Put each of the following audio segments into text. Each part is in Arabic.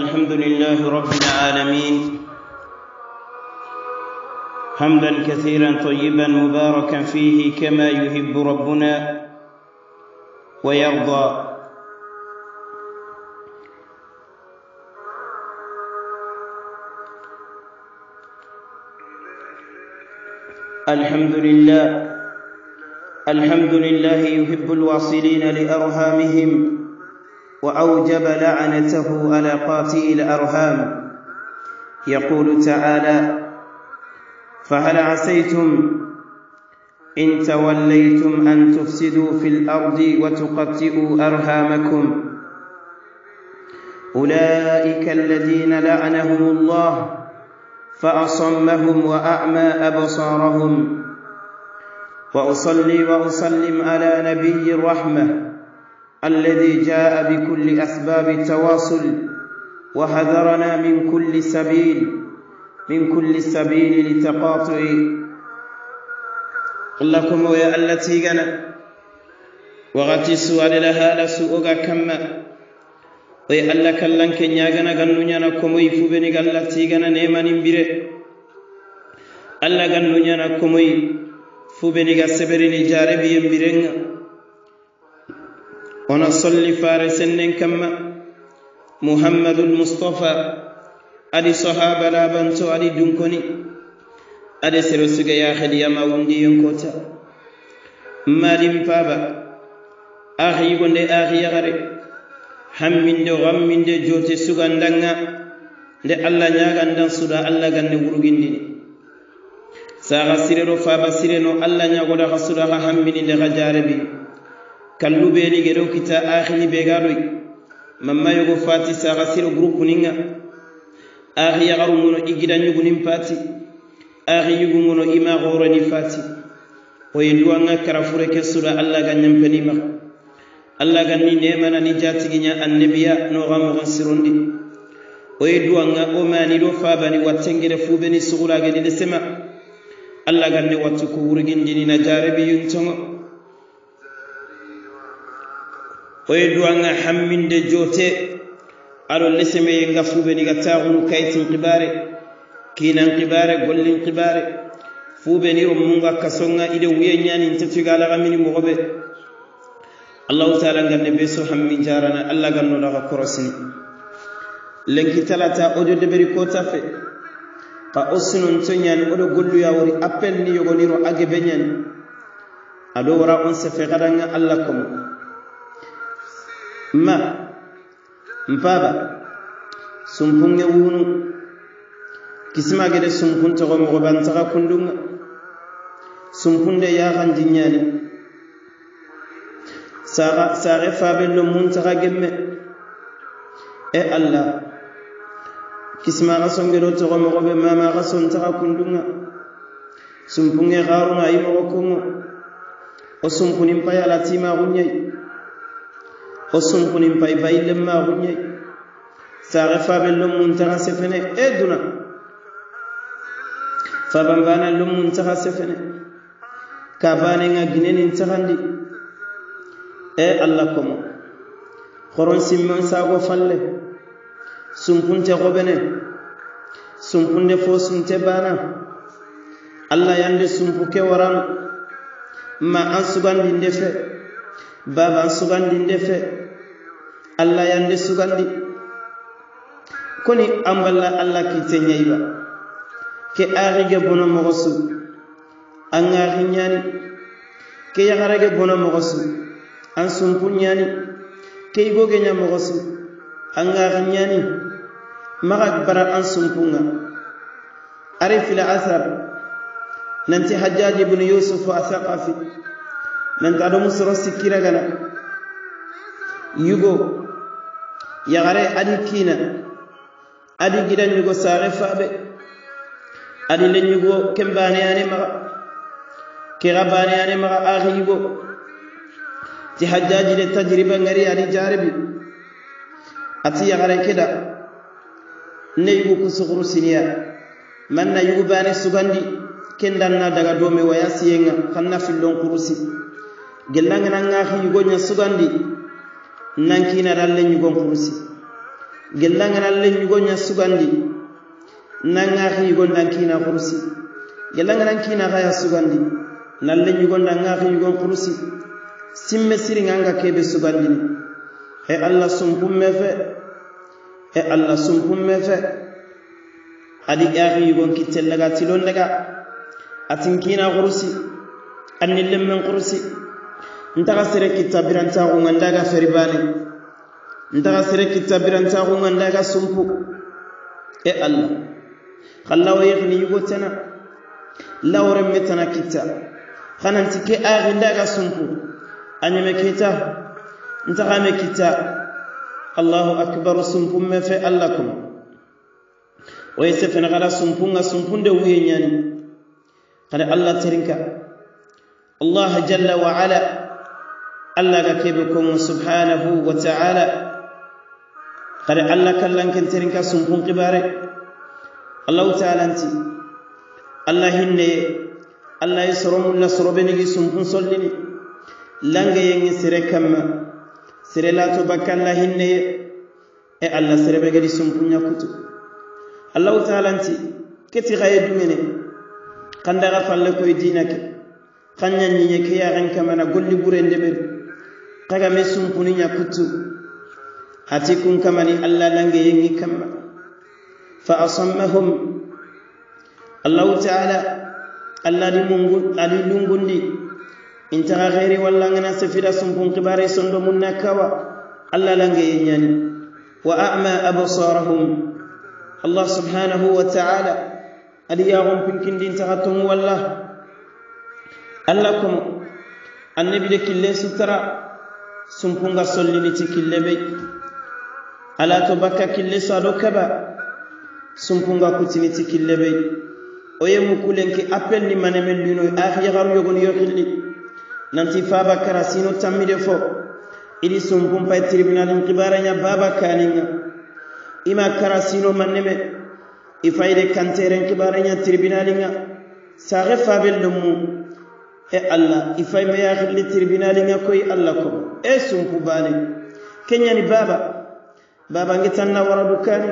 الحمد لله رب العالمين حمدا كثيرا طيبا مباركا فيه كما يحب ربنا ويرضى الحمد لله الحمد لله يحب الواصلين لارهامهم واوجب لعنته على قاتل الارهام يقول تعالى فهل عسيتم ان توليتم ان تفسدوا في الارض وتقطئوا ارهامكم اولئك الذين لعنهم الله فاصمهم واعمى ابصارهم واصلي واسلم على نبي الرحمه الذي جاء بكل أسباب التواصل وحذرنا من كل سبيل من كل سبيل لتقاطع لكم ويا التي غنى وغتي سؤال لها لسوء كما ويا الله كلن كنيا غنى غنونيا نكم يفوبني غلتي غنى نيمان بيره الله غنونيا نكم يفوبني غسبرني جاربي بيرنغ kono solli faare sennen kamma muhammadul mustapha adi sahaba labanto adi dunkoni ade sero sugaya hadiyama wundiyonkota maɗim paaba ahiyigo nde ahiyahare hamminde hamminde joote sugandanga nde allah ñagandan suɗa allah gande wurgindini saha sirero faaba sireno allah ñagoɗa ha suɗa ha hammini ha jarebi kallu beeni gedho kita akhini beegaadhoy mamma yogo faati saagasiro gurupuninga akhi yagarugono igidanyugunin paati akhi yugungono ima goroni faati oye duwanga karafure ke suda alla ga ñampenima allah ga ni nemana ni jatigiña annabiya noxa mogon sirondi oye duwanga o mani ɗo fabani wattengede fuɓeni sugulageni de sema allah ganne wattu ko wurgindini na jarebi yuntogo hoye duwanga hamminde joote aɗo lese me ngafuɓe niga taxunu kaytin qibare kinan qibare gollin qibare fuɓeni o munga kasonga ide wuyeñanin tatugala xamini moxoɓe allahu taala ngande be so hammin jarana allah gannoɗaxa korosini lenki talata oƴo deɓeri kotafe xa o sinon toñani oɗo golluya wori appel ni yogoniro a geɓeñani aɗo wara on sefe xaɗanga allah komo ma mpaba sumpun ya wunu kisima gede sumpun togo mogo bantaga kundunga sumpun de yagan jinyani saga sare fabello mun taga gemme e allah kisima kismaga songedo togo mogo be mamaga son taga kundunga sumpun e garunga ayi mogo kongo o sumpunin payala timagunyai wo sunkunin ma paypayi lemmaxu ñayi saxe faɓe lommuntaxa sefene e duna fabanbana lommuntaxa sefene ka banenga ginenin taxandi e allah komo xoron simmen sago falle sumpunte xoɓene sumpunde fo sunte bana allah yande sumpu ke waran ma an sugandinde fe baba an sugandinde fe allah yande sugandi koni an balla allah kite ba ke arige bono mogo su an ŋahi ya ke yaharage bono mogo su an sunpu ñani ke igoge ña mogo su an ŋahi ñani maga bara an sunpunŋa ari fila athar nanti hajjaji ibnu yusufu athaqafi nanti aɗo musoro sikkiragana yugo yagare adi kiina adi gidanñugo saare faaɓe adi lenñugo ken baneyane maxa kera baneyane maxa axiyugo ti hajjaji de tajriba ngari adi jarebi ati yagare keda ne yugu kusuxuru siniya man na yugu bane sugandi ken danna daga dome waya siyenga xan na fillon xurusi gellangana ngaxiyugo ña sugandi nankiinaran le ñugon furusi gellangaran le ñugon ña sugandi nangaaxi yugon nankiina furusi gellangaran kiinaxaya sugandi nan le ñugon nangaaxi yugon furusi simme siringanga keɓe sugandini e allah sumpumme fe e allah sumpumme fe adi ƴaaxi yugon kittellaga tilon lega atin kiina xurusi annin lemmen xurusi ntaka sere kitabirantaxu ŋa ndaga feribane ntaka sere kitabirantaxu ŋa ndaga sumpu e allah xa lawo yexini yugotana laworen me tana kitta xananti ke axi ndaga sumpu a ɲeme kita ntaxa me kitta allahu akbaru sumpun me fe allah kuma wo ye sefene xara sumpun ŋa sumpunde wuye ɲani xade allah terinka allah jalla wa ala Allah allaga keɓe konmo subhanahu wa taala kadi allah kallankenterin ka sumpun Allah allahu taalanti allah hinneye allah yi ye soromulla sorobenigi sumpun sollini langeyengi sire kan ma. sire laato bakka allah hinneye e allah sirebe gedi sumpun yakkutu allahu taalanti keti Kan dumene kandaxa falle koye diinake xan ñañiñe ke yaxen kamana golli ɓurende ɓeri tagame sunkuninya kutu hati kun kamani allah lange yengi kamma fa asammahum allahu taala allah di mungu ali lungundi intara khairi walla ngana safira sumpun kibare sondo munna kawa allah lange yenyani wa a'ma absarahum allah subhanahu wa ta'ala ali yarum pinkindin tahatum walla allah kum annabi de kille sutara sunkunga solliniti kille ɓey ala to bakka kille saɗo keɓa sunkunga kutiniti kille ɓey o ye ki apel ni mane men luno ah yagaru yogoni yo xilli nanti fabakara sino tammide fo iɗi sunkun pay tribunalin xibaraya baba kaninga ima kara sino manne me i fayide kanteren xibaraya tribunalinga saxe fabel lomu e allah ifay ma yahirli tribunaliŋa koy allah ko e sunku baane kenyani baba baba nge tanna wara dukani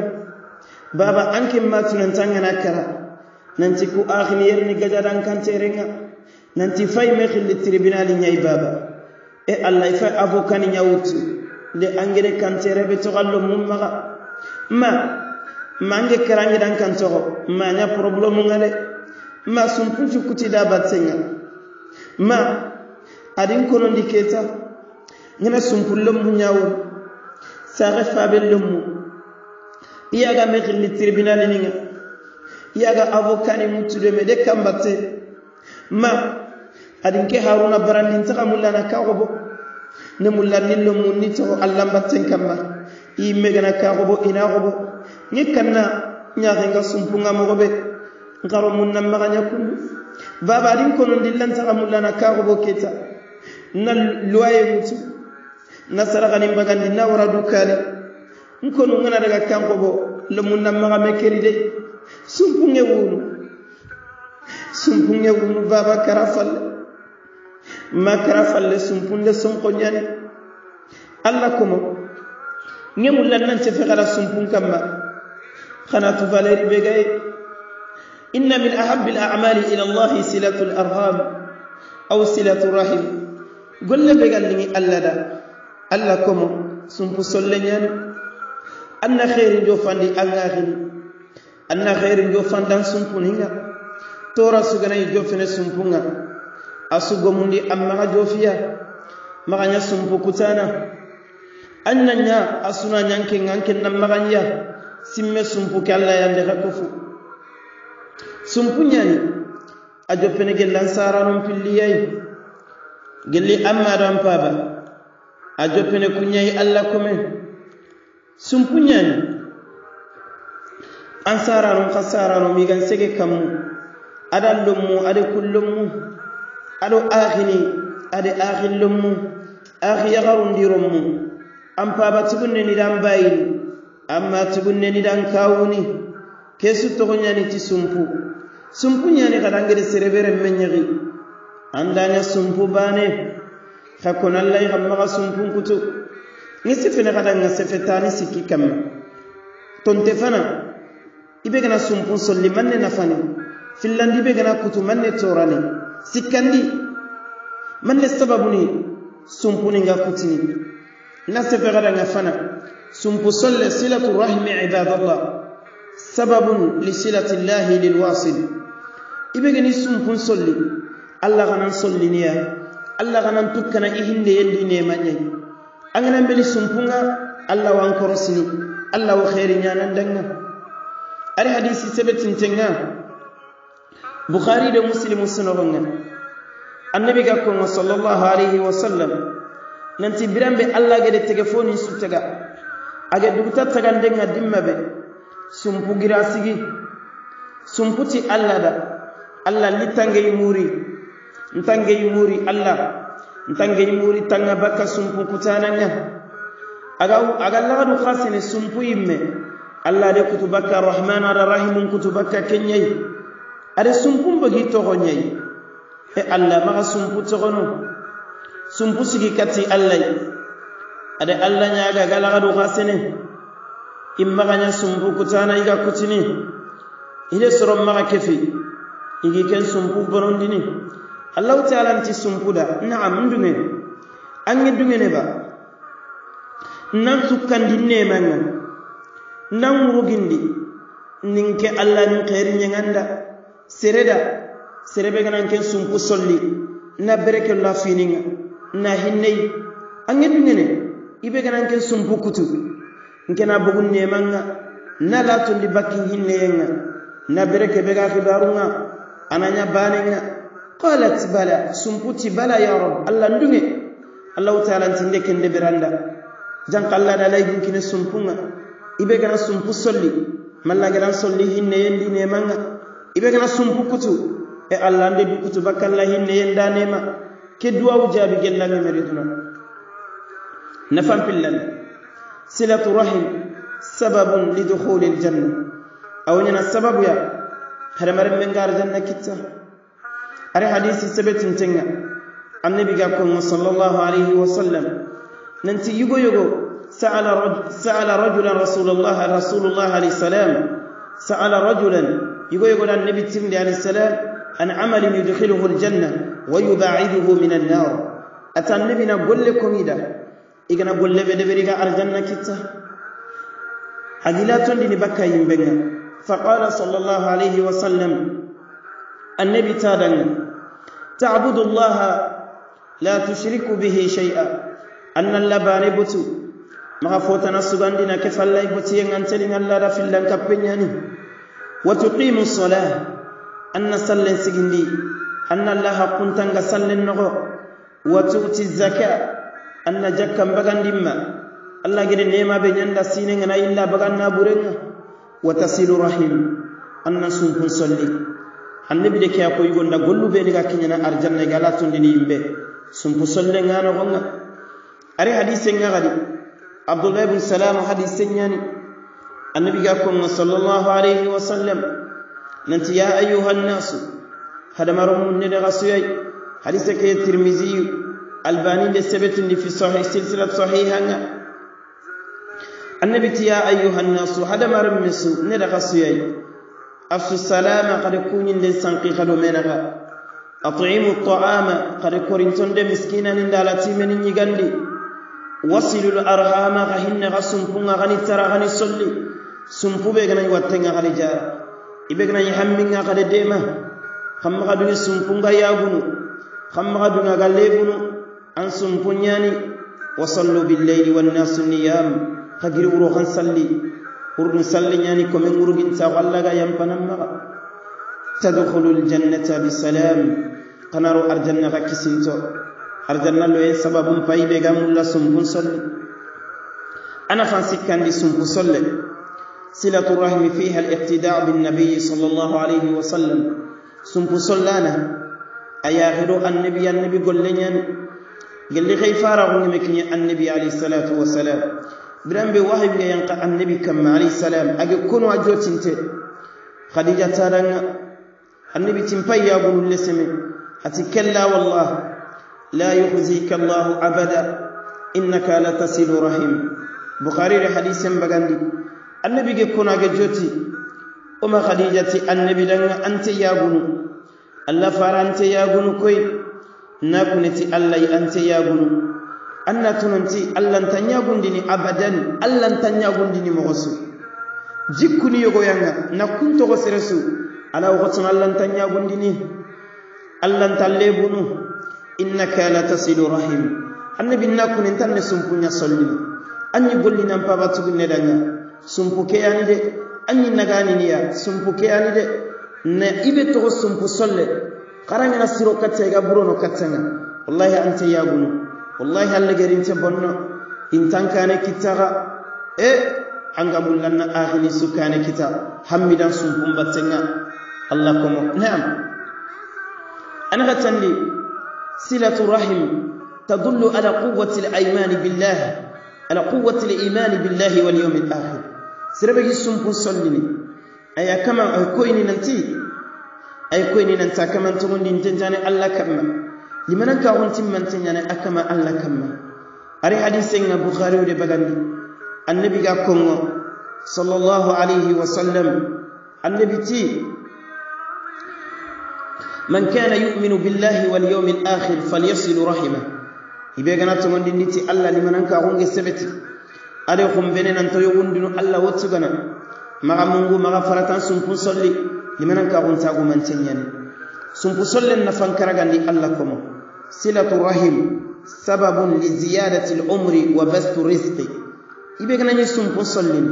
baba anke matu nantaŋana kara nanti ku ahini yerini gajadan kanterenŋa nanti fay me hirli tribunali ñayi baba e allah ifay avokani ñawutu le angere kantere be togallo mum maga ma ma ange karangedan kantogo ma ña problemu ŋa de ma kuti sunkuncu kutida nga. ma adiin konondi keessa ngana sumpullomu nyaawu saare faabellomu iyaga mekirni tiribinaaliniŋa iyaga avokani muttudeme de kambatte ma adin ke haruna barandin taxa mullana ka xobo ne mullannin lomun ni toxo allanbatten kamma iimme gana ka xobo ina xobo ŋe kanna ñaxenga sumpunga moxobe nxaro mun nan maxa ña kundu vabadin konon dillan saka mulla na kago boketa na luwaye mutu na sarakanin bagandi na wara dukane nkono ngana daga kanko bo lomunna maga mekeli de sumpunge wunu sumpunge wunu baba kara falle ma kara falle sumpunde sonko ñani alla komo ñemulla nan cefe xara sumpun kamma xana tu valeri begaye إن من أحب الأعمال إلى الله سلة الأرهام أو سلة الرحم قل لي ألا لا ألا كم سنبو سلنيان أن خير جوفان دي أغاغن أن خير جوفان دان سنبنين تورا سغنى جوفن سنبنين أسوغمون دي أما جوفيا مغانيا سنبو كتانا أننا أسونا نانكي نانكي نمغانيا سمي سنب كالا يندغا كفو sunpuñani a joppene gellan saranum pilliyayi gelli ammaɗon paaba a joppene kuñayi allah komen sunpuñani an saranum ka mi igan sege kammu aɗan lommu aɗa kullommu aɗo ahini aɗa ahillommu ahi yagarundirommu an ni dan bayi amma ni dan tugunneniɗan kesu ke suttogoñani ti sumpu sumpu ñani katangiri serebere meñegi andanya sumpu bane ka konallai hammaga sumpun kutu ni sefene kata nga sefetani sikki kamma tonte fana ibe gana sumpun solli manne nafani fillandi ibe gana kutu manne torani sikkandi manne sababuni sumpuninga kutini na sefe kata nga fana sumpu solle silatu rahimi ibadallah sababun lisilati llahi lilwasil ibegeni sunkun solli allah ganan solliniya allah ganan tukkana i hinde yelli nemanye anganan beli sumpunga allah wan korosini allah wo heri ñanandanga ari hadisi sebetintenga bukhari de muslim sunogonga annabi ga kongo sallallahu alaihi wasallam nanti biranbe allah gede tege foni sutega age duguta tagandenga dimma be sumpugira sigi sumputi allah da allah littangey muuri ntangey muri allah ntangey muri tanga baka sumpu kutananga aga lagadu khasini sumpu yimme allah de kutu bakka rahman ada rahimun kutu bakka kenyai ada sumpun bagi togonyai e allah maga sumpu togono sumpu sigi kati allah Ade allah nyaga aga lagadu khasini imma ganya sumpu kutana iga kutini ile soro maga kefi igi ken sumpu borondini allahu taala nti sumpuda naam ndunge ange dungene ba nan sukkandi nemanga nan wurugindi ninke allah min xeri ñeganda sereda serebe ganan ken sumpu solli na berekelula fininga na hinneyi ange dungene ibe ganan ken sumpu kutu nkena bogun nemanga na latondi bakki hinneyenga na bereke bega xibarunga ana ananya baninga qalat balaa sumputi bala ya rab allah ndunge allahu taala ntinde kende beranda janka allah da lay ginkine sumpunga ibe gana sumpu solli malla gana solli hinne yendi ne manga ibe gana sumpu kutu e allah nde du kutu bakalla hinne yenda nema ke duwawu jaabi gellange meriduna nafan pillande silatu rahim sababun lidukhuli aljanna awoñana sababuya هرمر من غار جنة كتة أري حديث سبت متنع عن النبي جاكم صلى الله عليه وسلم ننتي يجو يجو سأل رج سأل رجلا رسول الله رسول الله عليه السلام سأل رجلا يجو يجو عن نبي تيم عليه السلام أن عمل يدخله الجنة ويباعده من النار أتى النبي نقول لكم إذا إذا نقول لبدي بريك أرجنة كتة حديثاتني بكا ينبغي فقال صلى الله عليه وسلم النبي تادن تعبد الله لا تشرك به شيئا أن اللبان بتو ما فوتنا سبندنا الله يبتين أن تلين الله رفل لنك بنياني وتقيم الصلاة أن صلى لي أن الله كنت أن صلى النغو وتؤتي الزكاة أن جكا بغن لما الله غير نيما بنيان لسينينا إلا بغن نابورين وتصل رحم أن سنكون صلي annabi de ke ko yugo nda gollu be diga kinyana arjanna ga la tundi ni yimbe sum ko solle ngana gonga ari hadise ngadi abdullah ibn salam hadise nyani annabi ga ko sallallahu alaihi wasallam nanti ya ayuha an-nas hadamarum ne da gasuyai hadise ke tirmizi albani de sabatin fi sahih silsilat sahihanga النبي يا أيها الناس هذا ما رمسو ندغ سيئي أفسو السلام قد كون سنقي قيقلو منغا أطعيم الطعام قد كورنتون دي مسكينا ندالتي من لي وصل الأرحام غهن غسمبونا غني ترى غني سلي سنقو بيغنا يواتنغا غني جار إبيغنا يحمينغا غني ديما خم دوني سمبونغا ياغونو خم غدونا غاليبونو أن سمبونياني وصلوا بالليل والناس نيام hagiri wuro han salli hurɗum salli ñani komin wurginta ko allah ga yampanan maga tadkhulu ljannata bisalam kanaro arjanna ka kisinto arjanna loyen sababum payiɓe ga mulla sumbun solle ana fan sikkandi sumpu solle صلة الرحم فيها الاقتداء بالنبي صلى الله عليه وسلم سمبو سلانا أياغلو النبي النبي قل لنا قل لي خيفارة النبي عليه الصلاة والسلام biran be wahi ga yanka annabi kam alayhi salam age kono ajo tinte khadija taranga annabi timpai ya gulu leseme ati kalla wallah la yukhzika allah abada innaka la tasilu rahim bukhari re hadisen bagandi annabi ge kono age joti uma khadija ti annabi danga ante ya gulu allah farante ya gulu koy nakuneti allah ante ya gulu anna tununti allantanya gundini abadan allantanya gundini mogosu jikkuni nga na kun togo seresu ala wogotun allantanya gundini allantalle bunu ka la tasilu rahim annabi na kunin tanne sumpunya sollini anyi golli nan paba tugunne danga sumpuke yani de anyi nagani niya sumpuke yani de na ibe togo sumpu solle karangana siro katsa ga burono katsanga wallahi anta yagunu والله هل جرينت بنا إن تان كان كتاب إيه عن قبل لنا آخر سكان كتاب هم يدان سبحان بتنا الله كم نعم أنا قتني سلة الرحم تدل على قوة الإيمان بالله على قوة الإيمان بالله واليوم الآخر سربك السنبو صليني أي كما أكويني ننتي أي كويني ننتا كما إن ننتجاني الله كما limanan ka wonti man tinyane akama alla kamma ari hadise nga bukhari de bagandi annabi ga kongo sallallahu alayhi wa sallam annabi ti man kana yu'minu billahi wal yawmil akhir falyasil rahimah ibe ganata ngondi niti alla limanan ka wonge sebeti ale khumbene nan to yugundinu alla wotsugana maga mungu maga faratan sun kun solli limanan ka gonta gumantin yani sun kun sollen na fankara gandi alla komo صلة الرحم سبب لزيادة العمر وبث الرزق إبقى نجسم بصلين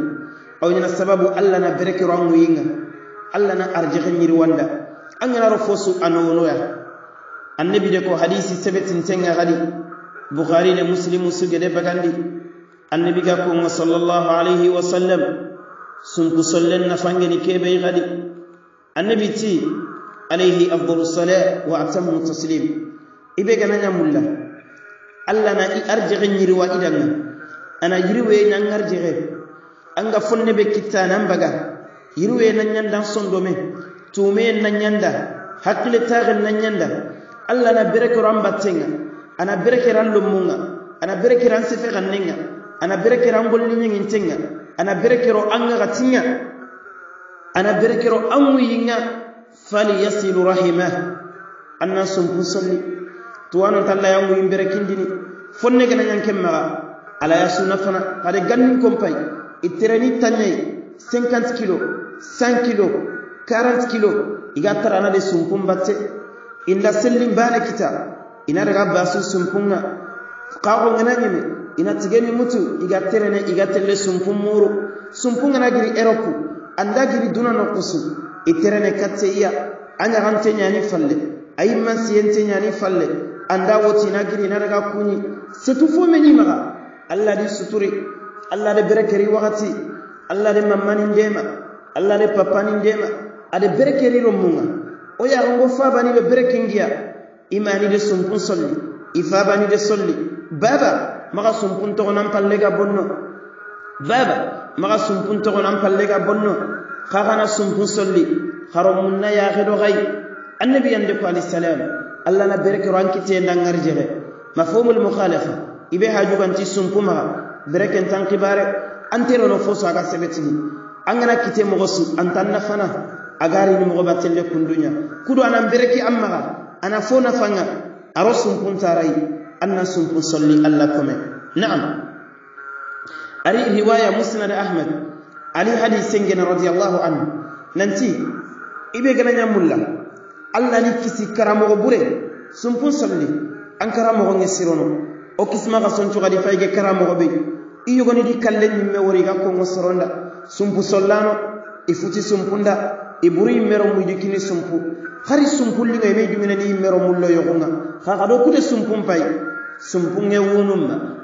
أو نجنا سبب ألا نبرك رانوينا ألا نأرجغ نيرواندا أننا رفوسو أنونويا النبي دكو حديثي سبت انتنغ غدي بخاري لمسلم سجد بغاندي النبي كاكو صلى الله عليه وسلم سنكو صلنا فانجني كيبي غدي النبي تي عليه أفضل الصلاة وأتم التسليم ibe gana mulla allah na i nyiri wa idanga ana yiriweye nan arjexe anga fonne be kitta nan baga yiriweye nan ñandan sondome tumeye nan ñanda hakkile taxen nan nyanda allah na bereke an battenga ana berekera an lumunga ana berekera an sefe xannenga ana berekera an tinga ana berekero an ŋaxatinga ana ro an fali yasilu rahimah an nan sumpun tuwano talla yangu imbere kindini fonne gana yanke maga ala ya suna fana kare gannin kompai iterani tanyai 50 kilo 100 kilo 40 kilo iga tarana de sumpun batte inda sellin bana kita ina daga basu sumpunga qawo ngana nyime ina tigeni mutu iga terene iga telle sumpun muru sumpun ngana giri eroku anda giri duna no kusu iterene katse iya anya gante nyani falle ayi man siyente nyani falle anda woti na giri na daga kunyi setu fo meni maga allah di suturi allah de berekeri wakati allah de mammani ndema allah de papani ndema ade berekeri ro munga o yarongo fabani ɓe berekengiya imani de sumpun solli i fabani de solli baba maga sumpun togonan pallega bonno baba maga sumpun togonan pallega bonno xa xana sumpun solli ya munna yaxeɗo xay annabiyande ko alayhisalam alla na bereke ro ankite ndangar jebe mafhumul mukhalafa ibe haju ganti sumpuma bereke tan kibare antero no foso aga sebetini angana kite mo gosu antanna fana agari ni mo batelle kundunya kudu anan bereke amma ana fona fanga aro sumpun tarai anna sumpun salli alla kome na'am ari riwaya musnad ahmad ali hadith sengena radiyallahu anhu nanti ibe gana nyamulla Allah ni kisi karamogo bure sumpun solli an karamogo ni sirono o kisma ga sonchu ga difaige karamogo be I goni di kalle ni me wori ga ko ngosoronda sumpu sollano e futi sumpunda e buri mero mu sumpu khari sumpu li ngay me jumina ni mero mu lo sumpun kha kude sumpun pay sumpu nge wonum